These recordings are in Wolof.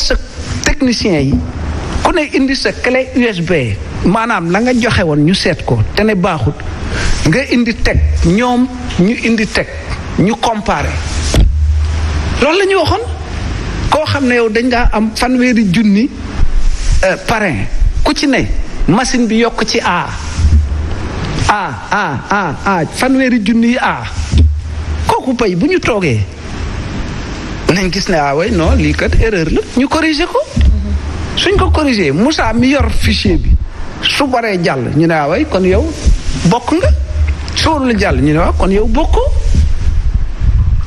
sa technicien yi ku ne indi sa clé USB maanaam la nga joxe woon ñu seet ko te ne baaxut nga indi teg ñoom ñu indi teg ñu comparé loolu la ñu waxoon koo xam ne yow dañ daa am fanweeri junni euh, parrain ku ci ne machine bi yokk ci a a a a fanweeri junni yi a kooku pay bu ñu toogee nañ gis ne ah way non lii kat erreur la ñu corriger ko suñ ko corriger mussa mi yor fichier bi su baree jàll ñu ne ah kon yow bokk nga su warul jàll ñu ne waaw ah, kon yow bokkoo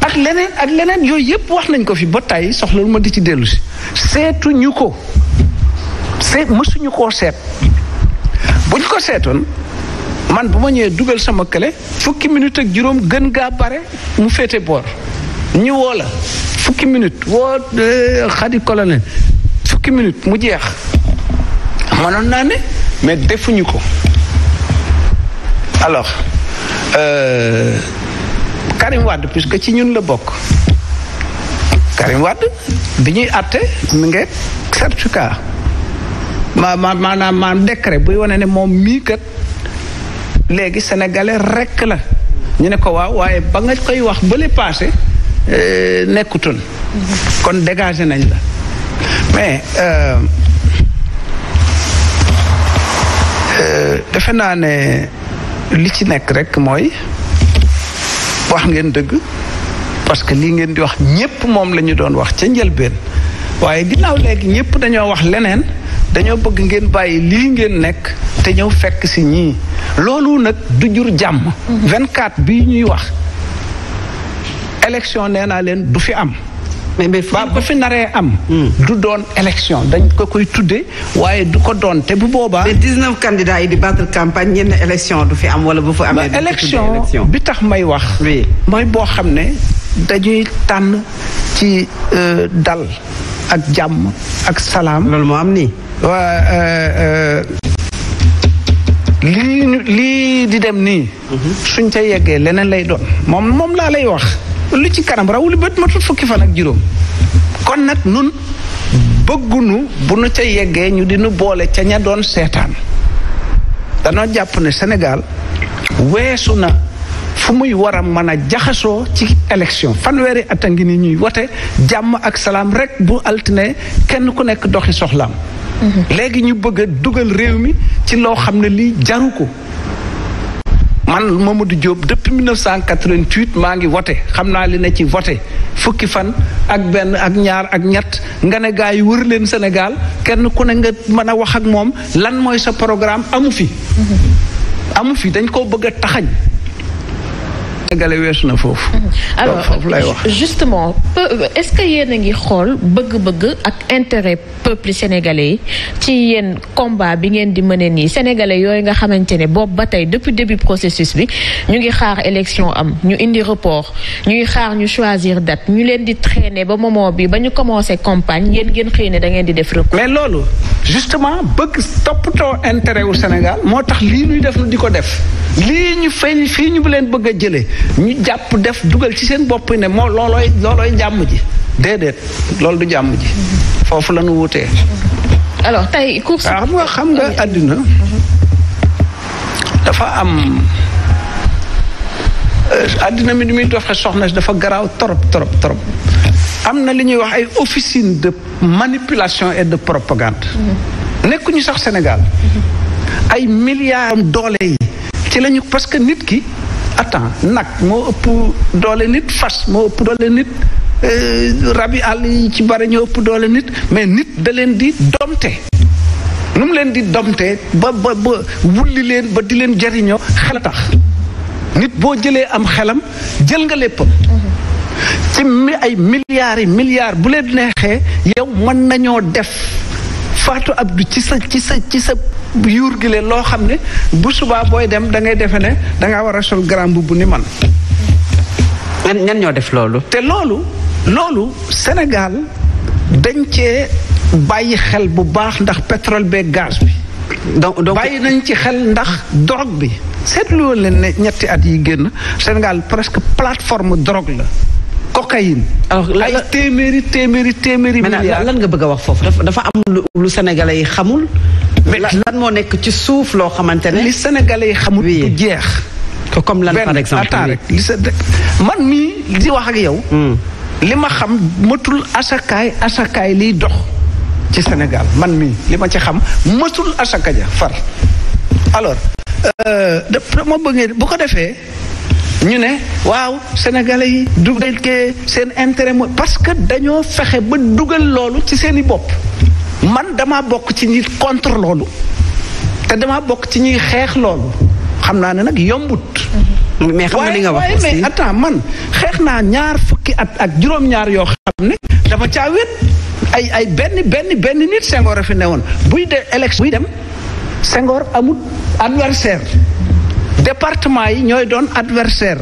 ak leneen ak leneen yooyu yëpp wax nañ ko fi ba tàyyi soxla lu ma di ci dellu si seetuñu ko seet suñu ko seet buñ ko seetoon man bu ma ñëwee dugal sama clé fukki minute ak juróom gën gaa bare mu féete boor ñu woo la fukki minute woo xadi eh, colonel fukki minute mu jeex mënoon naa ne mais defuñu ko alors euh, wadd Wade que ci ñun la bokk Karim Wade bi ñuy àtte mi ngi certificat ma ma maanaam ma décret buy wane ne moom mii kat léegi sénégalais rekk la ñu ne ko waaw waaye ba nga koy wax bële paase Eh, nekkutoon kon dégagé nañ la mais euh, euh, defe naa ne li ci nekk rek mooy wax ngeen dëgg parce que lii ngeen di wax ñépp moom la doon wax ca njëlbeen waaye ginnaaw léegi ñépp dañoo wax leneen dañoo bëgg ngeen bàyyi lii ngeen nekk te ñëw fekk si ñii loolu nag du jur jàmm 24 mm-hmm. bii ñuy wax élection nee naa leen du fi am. mais ba fi naree am. Hmm. du doon élection dañ ko koy tuddee waaye du ko doon te bu boobaa. mais 19 candidats yi di battre campagne ñenn élection du fi am wala bu fa amee. élection bi tax may wax. mooy boo xam ne dañuy tànn ci euh, dal ak jàmm ak salaam. loolu moo am nii. Euh, euh, lii lii di dem nii. Mhm. suñ ca yeggee leneen lay doon moom moom laa lay wax. lu ci kanam rawul bët matut fukki fan ak juróom kon nag nun bëggunu bu nu ca yeggee ñu dinu boole ca ña doon seetaan danoo jàpp ne Sénégal weesu na fu muy war a mën a jaxasoo ci élection fanweeri at a ngi ni ñuy wote jàmm ak salaam rekk bu altine kenn ku nekk doxi soxlaam mhm. léegi ñu bëgg dugal réew mi ci loo xam ne lii jaru ko man ma Mamadou Diop depuis 1988 maa ngi voté xam naa li ne ci voté fukki fan ak benn ak ñaar ak ñett nga ne yi wër leen senegal kenn ku ne nga mën a wax ak moom lan mooy sa programme amu fi. Mhm. amu fi dañ koo bëgg a taxañ. sénégalais weesu na foofu. Mhm. alors lay wax. justement est-ce que yéen ngi xool bëgg-bëgg ak intérêt peuple sénégalais yi ci yéen combat bi ngeen di mëne nii sénégalais yooyu nga xamante ne boobu ba tey depuis début processus bi ñu ngi xaar élection am ñu indi report ñuy xaar ñu choisir date ñu leen di traîner ba moment bi ba ñu commencé compagne yéen ngeen xëy ne da ngeen di def recours. mais loolu justement bëgg toppatoo intérêt wu Sénégal moo tax lii ñuy def di ko def lii ñu fay leen bëgg a jëlee ñu jàpp def dugal ci seen bopp ne moo loolooy loolooy jàmm ji déedéet loolu du jàmm ji foofu la ñu wutee alors tey course ah, xam nga xam nga àddina dafa am euh, àddina mi ni muy doxe soxna dafa garaaw torop torop torop am na li ñuy wax ay officine de manipulation et de propagande nekkuñu sax Sénégal mhm. ay milliards doole yi ci lañu parce nit ki attends nag moo ëpp doole nit fas moo ëpp doole nit euh, rabi àll yi ci bari ñoo ëpp doole nit mais nit da leen di domte nu mu leen di domte ba ba ba wulli leen ba di leen jariñoo xel tax nit boo jëlee am xelam jël nga léppam ci mi ay milliards yi milliards bu leen neexee yow mën nañoo def Fatou Abdou ci sa ci sa ci sa yuur gi leen loo xam ne bu subaa booy dem da ngay defe ne da war a sol grand mbubb ni man. ñan ñoo def loolu. te loolu loolu Sénégal dañ ce bàyyi xel bu baax ndax pétrole beeg gaz bi. donc donc bàyyi nañ ci xel ndax drogue bi seetlu woon leen ne ñetti at yi génn Sénégal presque plateforme drogue la. cocaïne. alors ay téeméeri téeméeri téeméeri. milliards lan nga bëgg a wax foofu dafa am lu sénégalais yi xamul. mais lan moo nekk ci suuf loo xamante ne. li sénégalais yi xamul du jeex. comme lan par exemple rek li sa man mii di wax ak yow. Hmm. li ma xam matul asakaay asakaay liy dox ci Sénégal man mii li ma ci xam matul asaka ja far alors euh, dafa ma bëggee bu ko defee ñu ne waaw sénégalais yi du ke seen intérêt mooy parce que dañoo fexe ba dugal loolu ci seeni bopp man dama bokk ci ñi contre loolu te dama bokk ci ñuy xeex loolu xam naa ne nag yombut. Mm-hmm. mais xam nga li nga wax aussi waaye mais attends man xeex naa ñaar fukki at ak juróom-ñaar yoo xam ne dama caa wét ay ay benn benn benn nit Senghor a fi woon buy de élection buy dem Senghor amut adversaire département yi ñooy doon adversaire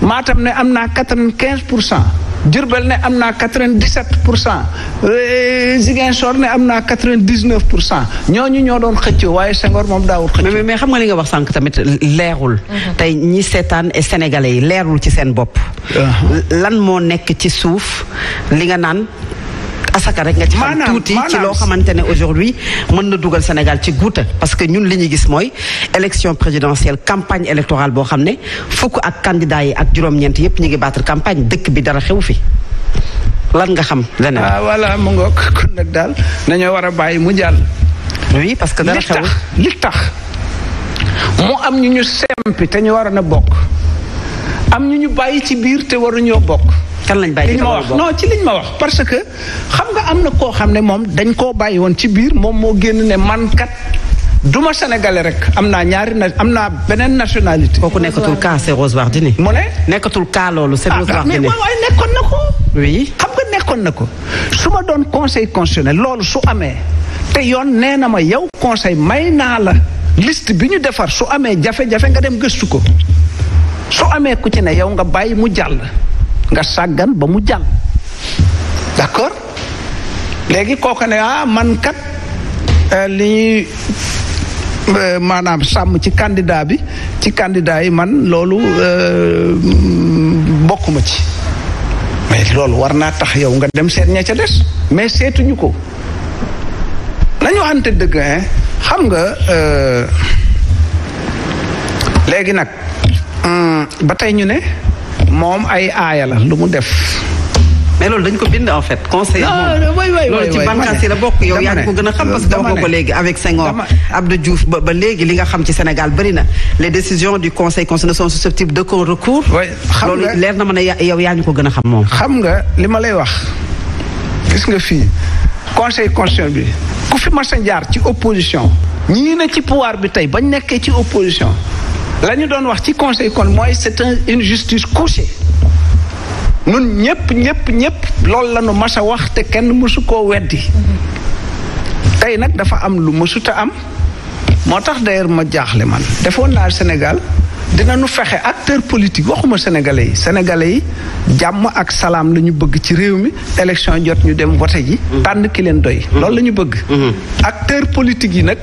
Matam ne am naa quatre quinze pour cent. Diourbel ne am naa quatre-vingt-dix-sept pour cent euh, Ziguinchor ne am naa quatre-vingt-dix-neuf pour cent ñooñu ñoo doon xëccoo waaye Senghor moom daawul xëccoo. mais xam nga li nga wax sànq tamit leerul. Mhm. tey ñii seetaan sénégalais yi leerul ci seen bopp. Ah. lan moo nekk ci suuf li nga naan. asaka rek nga ci xam tuuti ci loo xamante ne aujourd'hui mën na dugal Sénégal ci guuta parce que ñun li ñu gis mooy élection présidentielle campagne électorale boo xam ne fukk ak candidat yi ak juróom-ñeent yépp ñu ngi battre campagne dëkk bi dara xew fi lan nga xam leneen walla ah, voilà mu ngoog kon nag daal nañoo war a bàyyi mu jàll oui parce que dara xewul li tax mu am ñu ñu sempi te ñu waroon a bokk am ñu ñu bàyyi ci biir te waruñoo bokk kan lañ bàyyi li ñu ma wax non ci liñ ma wax parce que xam nga am na koo xam ne moom dañ koo bàyyi woon ci biir moom moo génn ne man kat duma sénégalais rek am naa ñaari na am naa beneen nationalité. kooku nekkatul cas c'est Rose Wardini. mu ne nekkatul cas loolu c'est ah, Rose ah, Wardini. mais waaye nekkoon na ko. oui xam nga nekkoon na ko su ma doon conseil constitutionnel loolu su amee te yoon nee na ma yow conseil may naa la liste bi ñu defar su amee jafe-jafe nga dem gëstu ko su amee ku ci ne yow nga bàyyi mu jàll. nga sàggan ba mu jàll d'accord léegi kooku ne ah man kat euh, li euh, maanaam sàmm ci candidat bi ci candidat yi man loolu euh, bokkuma ci mais loolu war naa tax yow nga dem seet ña ca des mais seetuñu ko nañu ante dëgg hein xam nga léegi nag hmm, ba tey ñu ne moom ay aaya la lu mu def. mais loolu dañ ko bind en fait conseil. non oui oui la bokk yow yaa ngi ko gën a xam parce que wax nga ko léegi avec Senghor ba ba léegi li nga xam ci Sénégal bëri na les décisions du conseil constitutionnel sont susceptibles de qu'on recours. oui xam nga leer na ma ne yow yaa ñu ko gën a xam moom. xam nga li ma lay wax gis nga fii conseil constitutionnel bi ku fi mas a jaar ci opposition. ñii na ci pouvoir bi tey bañ nekkee ci opposition. la ñu doon wax ci conseil kon mooy c'est un une justice couchée nun ñëpp ñëpp ñëpp loolu la ñu wax te kenn mësu koo weddi tey nag dafa am lu mësuta am moo tax d'ailleurs ma jaaxle man defoon naa Sénégal nu fexe acteur politique waxuma sénégalais yi sénégalais yi jàmm ak salaam la ñu bëgg ci réew mi élection jot ñu dem vote ji mm-hmm. tànn ki leen doy mm-hmm. loolu la ñu bëgg mm-hmm. acteur politique yi nag